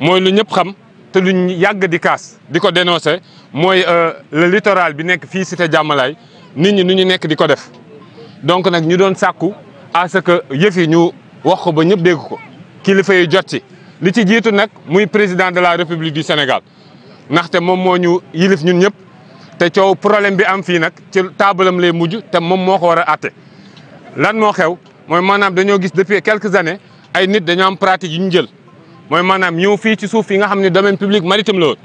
mooy lu ñëpp xam te luñ yàgg di kaas di ko dénoncé mooy euh, le littoral bi nekk fii cité jàmmalaay nit ñi nu ñu nekk di ko def donc nag ñu doon sàkku à ce que yëf yi ñu wax ko ba ñëpp dégg ko kilifa yi jot ci li ci jiitu nag muy président de la république du Sénégal ndaxte moom moo ñu yilif ñun ñëpp te coow problème bi am fii nag ci table am lay mujj te moom moo ko war a àtte lan moo xew mooy maanaam dañoo gis depuis quelques années ay nit dañoo am pratique yu ñu jël mooy maanaam ñëw fii ci suuf yi nga xam ne domaine public maritime la woon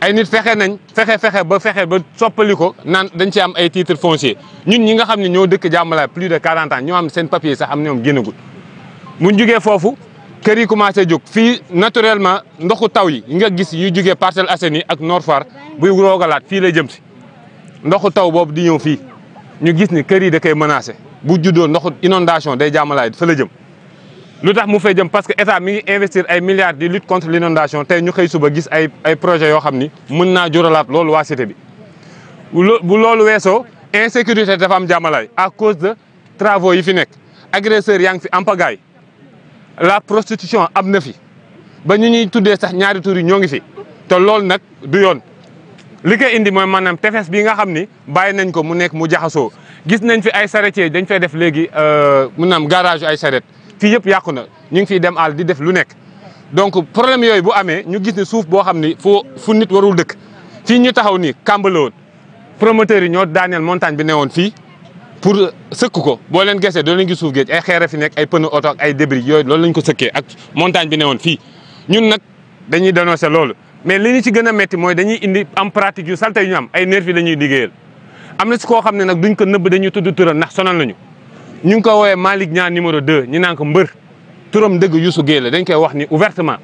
ay nit fexe nañ fexe fexe ba fexe ba soppali ko dañ ci am ay titre foncier ñun ñi nga xam ne ñoo dëkk jàmmalaay plus de 40 ans ñoo am seen papier sax am ñoom génnagul mu jugee foofu kër yi commencé jóg fii naturellement ndoxu taw yi nga gis yu jugee Parcelles Assainies ak Nord Foire buy roogalaat fii lay jëm si ndoxu taw boobu di ñëw fii ñu gis ni kër yi da koy menacé bu juddoo ndoxu inondation day jàmmalaay fa la jëm lu tax mu fay jëm parce que état mi ngi investir ay milliards di lutte contre l'inondation tey ñu xëy suba gis ay ay projets yoo xam ni mën naa juralaat loolu waa cité bi bu loolu weesoo insécurité dafa am jàmmalaay à cause de travaux yi fi nekk agresseurs yaa ngi fi ampagaay la prostitution am na fi ba ñu ñuy tuddee sax ñaari tur ñoo ngi fi te loolu nag du yoon li koy indi mooy maanaam tefes bi nga xam ni bàyyi nañ ko mu nekk mu jaxasoo gis nañ fi ay charretier dañ fay def léegi euh, maanaam garage ay charrette fii yëpp yàqu na ñu ngi fiy dem àll di def lu nekk donc problème yooyu bu amee ñu gis ne suuf boo xam ni fu fu nit warul dëkk fii ñu taxaw ni kàmbala woon promoteurs yi ñoo daaneel montagne bi ne woon fii pour sëkk ko boo leen gesee doo leen gis suuf géej ay xeere fi nekk ay pneu oto ay débris yooyu loolu lañ ko sëkkee ak montagne bi ne woon fii ñun nag dañuy dénoncer loolu mais li ñu ci gën a métti mooy dañuy indi am pratique yu salte yu ñu am ay nerf yi la ñuy liggéeyal am na si koo xam ne nag duñ ko nëbb dañuy tudd turam ndax sonal nañu ñu ngi ko woowee Malick Niang numéro 2 ñu naan ko mbër turam dëgg Youssou Gueye la dañ koy wax ni ouvertement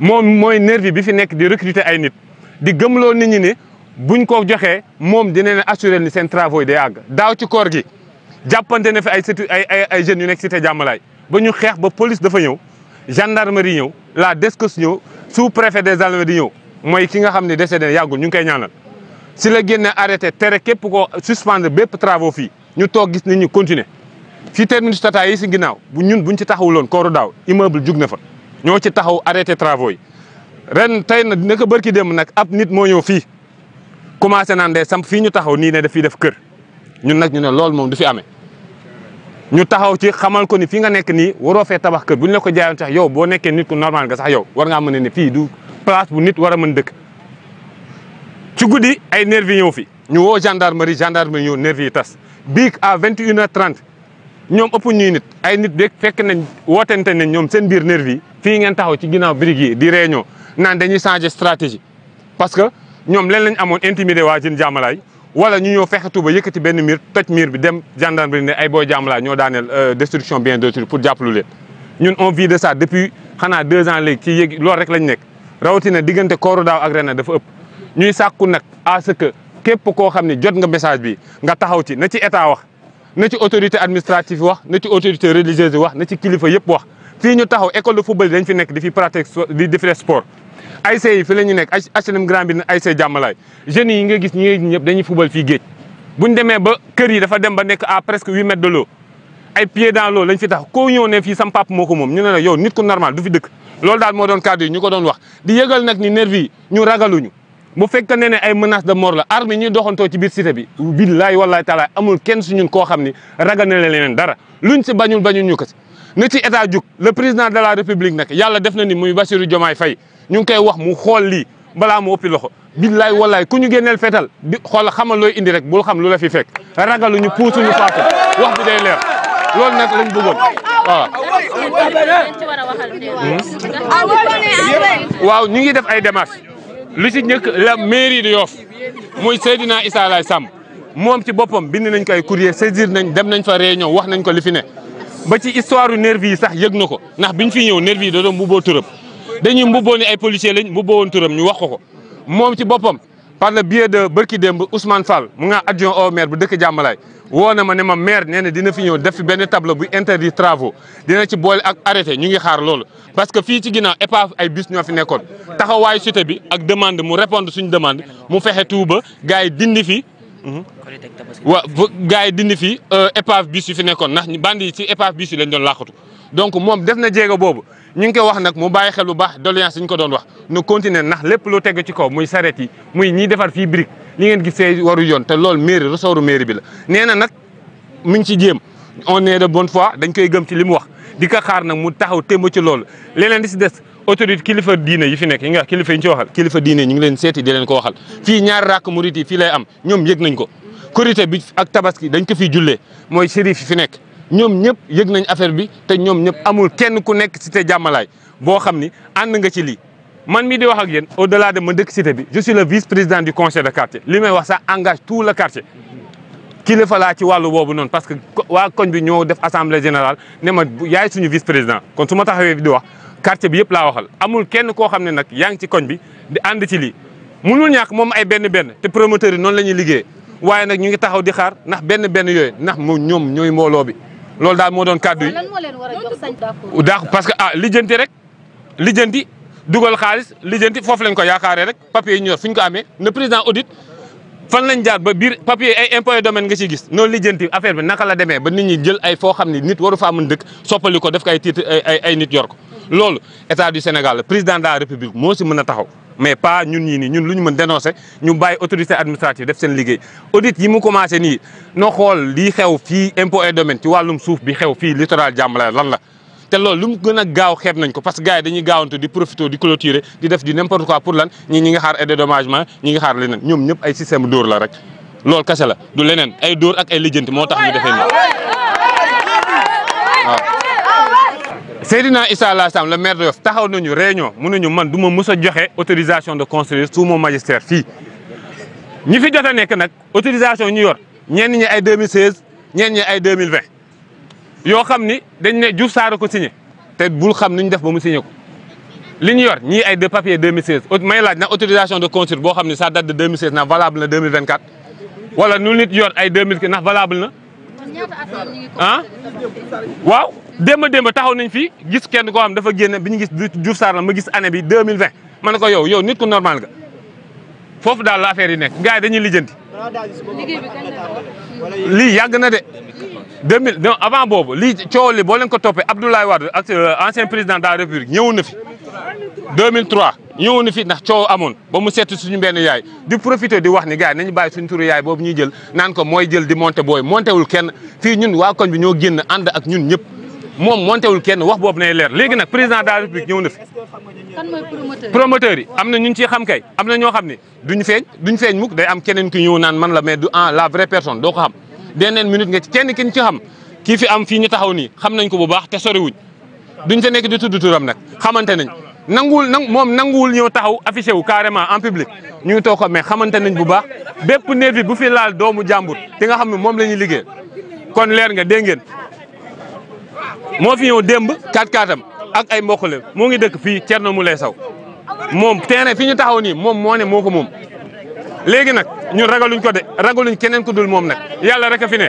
moom mooy nervi bi fi nekk di recruter ay nit di gëmloo nit ñi ne buñ ko joxee moom dina leen assurer ni seen travaux yi day àgg daaw ci koor gi jàppante na fi ay cité ay ay jeunes yu nekk te jàmmalaay ba ñu xeex ba police dafa ñëw gendarmerie ñëw la DSCOS ñëw sous préfet des armées di ñëw mooy ki nga xam ne décédé yàggul ñu ngi koy ñaanal si la génne arrêté tere képp ko suspendre bépp travaux fii ñu toog gis nit ñi continuer fii terminus Tata yi si ginnaaw bu ñun bu ñu ci taxawuloon kooru daaw immeuble jug na fa ñoo ci taxaw arrêté travaux yi ren tey nag naka bërki dem nag ab nit moo ñëw fii commencé naan de samp fii ñu taxaw nii ne daf fiy def kër ñun nag ñu ne loolu moom du fi amee ñu taxaw ci xamal ko ni fi nga nekk nii waroo fee tabax kër bu ñu la ko jaayoon sax yow boo nekkee nit ku normal nga sax yow war nga mën ne fii du place bu nit war a mën dëkk ci guddi ay nervi ñëw fi ñu woo gendarmerie gendarmerie ñëw nervi yi tas biig à vingt et une ñoom ëpp ñuy nit ay nit de fekk nañ wootente nañ ñoom seen biir nervi yi fii ngeen taxaw ci ginnaaw briques yi di réunion naan dañuy changer stratégie parce que ñoom leen lañ amoon intimider waa jën jaamalaay wala ñu ñëw fexe Touba yëkkati benn miir toj miir bi dem gendarmerie ne ay booy jaamalaay ñoo daaneel euh, destruction bien d'autrui pour jàppalu leen ñun on vit de ça depuis xanaa deux ans léegi ci yéegi loolu rek lañu nekk rawatina diggante kooru daaw ak ren dafa ëpp ñu sàkku nag à que képp koo xam ne jot nga message bi nga ci na ci état wax na ci autorité administrative wax na ci autorité religieuse wax na ci kilifa yëpp wax fii ñu taxaw école de football yi dañ fi nekk di fi pratique di def sport ASC yi fi la ñu nekk HLM Grand Médine ASC Jàmmalaay jeunes yi nga gis ñi nga ñëpp dañuy football fii géej buñ demee ba kër yi dafa dem ba nekk à presque huit mètres de l'eau ay pieds dans l'eau lañ fi tax koo ñëw ne fii sam pap moo ko moom ñu ne la yow nit ku normal du fi dëkk lool daal moo doon cadre yi ñu ko di yëgal nag ni nervi ñu ragaluñu bu fekkee ne ne ay menace de mort la armes yi ñuy doxantoo ci biir cité bi billaay wallaay taala amul kenn ñun koo xam ni ragal na leen dara luñ si bañul bañul ñu ko si na ci état jug le président de la république nag yàlla def na ni muy Bassirou Diomaye fay ñu ngi koy wax mu xool lii balaa mu ëppi loxo billaay wallaay ku ñu génneel fetal di xool xamal looy indi rek bul xam lu la fi fekk ragaluñu puusuñu faatu wax bi day leer loolu nag lañ bëggoon waaw hmm? ah, ah, waaw ñu ngi def ay démarches li ci njëkk la mairie de Yoff muy Seydina Issa Laye Samb moom ci boppam bind nañ koy courrier saisir nañ dem nañ fa réunion wax nañ ko li fi ne ba ci histoire nervi yi sax yëg na ko ndax biñ fi ñëw nervi yi da doon mbubboo turam dañuy mbubboo ni ay policier lañ mbubboo woon turam ñu wax ko ko moom ci boppam par le biais de bërki démb Ousmane Fall mu nga adjoint au maire bu dëkk Jàmmalaay woo na ma ne ma maire nee na dina fi ñëw def fi benn tableau bu interdit travaux dina ci boole ak arrêté ñu ngi xaar loolu. parce que fii ci ginnaaw épave ay bus ñoo fi nekkoon taxawaayu cité bi ak demande mu répondre suñu demande mu fexe Touba gars yi dindi fi. Mmh. waaw gars yi dindi fi euh, épave bus yi fi nekkoon ndax bandi yi ci épave bus yi lañ doon làqatu donc moom def na jéego boobu. ñu ngi koy wax nag mu bàyyi xel bu baax doléance yi ñu ko doon wax nu continuer nax lépp lu teg ci kaw muy saret yi muy ñiy defar fii brique li ngeen gisee waru yoon te loolu mairie ressortu mairie bi la. nee na nag mu ngi ci jéem on est de bonne foi dañ koy gëm ci li mu wax di ko xaar nag mu taxaw témb ci loolu leneen di si des autorité kilifa diine yi fi nekk yi nga kilifa yi ñu ci waxal kilifa diine ñu ngi leen seeti di leen ko waxal fii ñaari rakk murit yi fii lay am ñoom yëg nañ ko korité bi ak tabaski dañ ko fiy jullee mooy sérif yi fi nekk ñoom ñëpp yëg nañ affaire bi te ñoom ñëpp amul kenn ku nekk cité jàmmalaay boo xam ni ànd nga ci lii. man mii di wax ak yéen au delà de ma dëkk cité bi je suis le vice président du conseil de quartier li ma wax ça engage tu le quartier. kilifa laa ci wàllu boobu noonu parce que waa koñ bi ñoo def assemblée générale ne ma yaay suñu vice président kon su ma taxawee di wax quartier bi yëpp laa waxal amul kenn koo xam ne nag yaa ngi ci koñ bi di ànd ci lii. mënul ñàkk moom ay benn benn te promoteurs yi noonu la ñuy liggéey waaye nag ñu ngi taxaw di xaar ndax benn benn yooyu ndax moom ñoom ñooy mbooloo bi. loolu daal moo doon kàddu yi. lan parce que ah lijjanti rek lijjanti dugal xaalis lijjanti foofu lañ ko yaakaaree rek papier yi ñu yor fu ñu ko amee ne président audit fan lañ jaar ba biir papier ay impôt domaine nga ciy gis noonu lijjanti affaire bi naka la demee ba nit ñi jël ay foo xam ni nit waru faa mën dëkk soppali ko def ko ay titre ay nit yor loolu état du Sénégal président de république moo si mën a taxaw. mais pas ñun ñii nii ñun lu ñu mën dénoncer ñu bàyyi autorité administrative def seen liggéey audit yi mu commencé nii no xool lii xew fi impôt et domaine ci wàllum suuf bi xew fii littoral Diambalaya lan la te loolu lu mu gën a gaaw xeeb nañ ko parce que gars yi dañuy gaawantu di profité di clôturer di def di n'importe quoi pour lan ñi ñi nga xaar ay dédommagement ñi nga xaar leneen ñoom ñëpp ay système dóor la rek loolu kese la du leneen ay dóor ak ay lijjanti moo tax ñu defee Seydina Issa Laye Sam le maire de Yoff taxaw nañu réunion mun nañu man du ma mës a joxe autorisation de construire sous mon magistère fii ñi fi jot a nekk nag autorisation ñu yor ñenn ñi ay 2016 ñenn ñi ay 2020 yoo xam ni dañ ne Diouf Sarr ko signé te bul xam ni ñu def ba mu signé ko li ñu yor ñii ay de papier 2016 may laaj nag autorisation de construire boo xam ne ça date de 2016 ndax valable na 2024 wala nu nit yor ay 2000 ndax valable na ah waaw démb démb taxaw nañ fi gis kenn koo xam dafa génn bi ñu gis Diouf Sarr ma gis année bi 2020 ma ne ko yow yow nit ku normal nga foofu daal la yi nekk gars yi dañuy lijjanti. lii yàgg na de. 2000 non avant boobu lii coow li boo leen ko toppee Abdoulaye Wade ak euh, ancien président de la République ñëwoon na fi. 2003 ñëwoon na fi ndax coow amoon ba mu seet suñu benn yaay di profité di wax ni gars yi nañu bàyyi suñu turu yaay boobu ñuy jël naan ko mooy jël di monté booy monté kenn fii ñun waa koñ bi ñoo génn ànd ak ñun ñëpp. moom montewul kenn wax boobu nay leer léegi nag président de la république ñëw na fi. kan mooy promoteur yi am na ñu ciy xam kay am na ñoo xam ne duñu feeñ duñu feeñ mukk day am keneen ki ñëw naan man la mais du en la vraie personne doo ko xam. deneen minute nga ci kenn kin ci xam ki fi am fii ñu taxaw nii xam nañ ko bu baax te soriwuñ duñ fa nekk di tudd turam nag xamante nañ nanguwul nang moom nanguwul ñëw taxaw affiché wu carrément en public ñu ngi toog ko mais xamante nañ bu baax bépp nervi bu fi laal doomu jàmbur te nga xam ne moom la ñuy liggéey kon leer nga dégg moo fi ñëw demb kat kaatam ak ay mbokk la moo ngi dëkk fii Thierno Moulé Sow moom terrain fi ñu taxaw nii moom moo ne moo ko moom. léegi nag ñun ragaluñ ko de ragaluñ keneen ku dul moom nag yalla rek a fi ne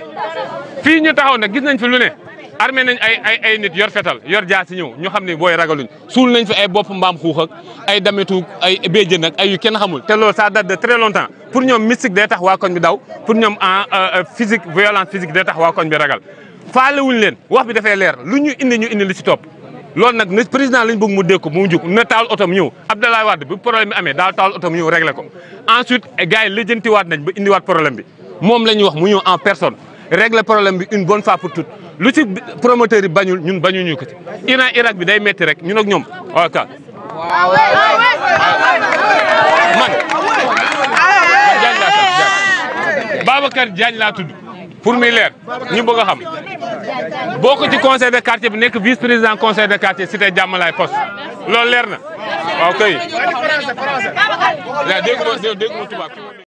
fii ñu taxaw nag gis nañ fi lu ne armé nañ ay ay ay nit yor fetal yor jaa si ñëw ñu xam ne booy ragaluñ suul nañ fi ay bopp mbaam xuux ak ay dametu ay béjjën ak ay yu kenn xamul. te loolu ça date de très longtemps pour ñoom mystique day tax waa koñ bi daw pour ñoom en euh, euh, physique violence day tax waa koñ bi ragal. faalewuñ leen wax bi dafay leer lu ñu indi ñu indi li si top loolu nag na président lañ bëgg mu dégg ko mu jóg na taal otom ñëw Abdoulaye Wade bi problème bi amee daal taal otom ñëw réglé ko ensuite gars yi waat nañ ba indiwaat problème bi moom la ñuy wax mu ñëw en personne régler problème bi une bonne fois pour toutes lu ci promoteur yi bañul ñun bañuñu ko ci Iran Irak bi day metti rek ñu ak ñoom ok man Babacar Diagne laa tudd pour muy leer ñu bëgg a xam bokk ci conseil de quartier bi nekk vice président conseil de quartier cité Diamalaye Poste loolu leer na waaw kay.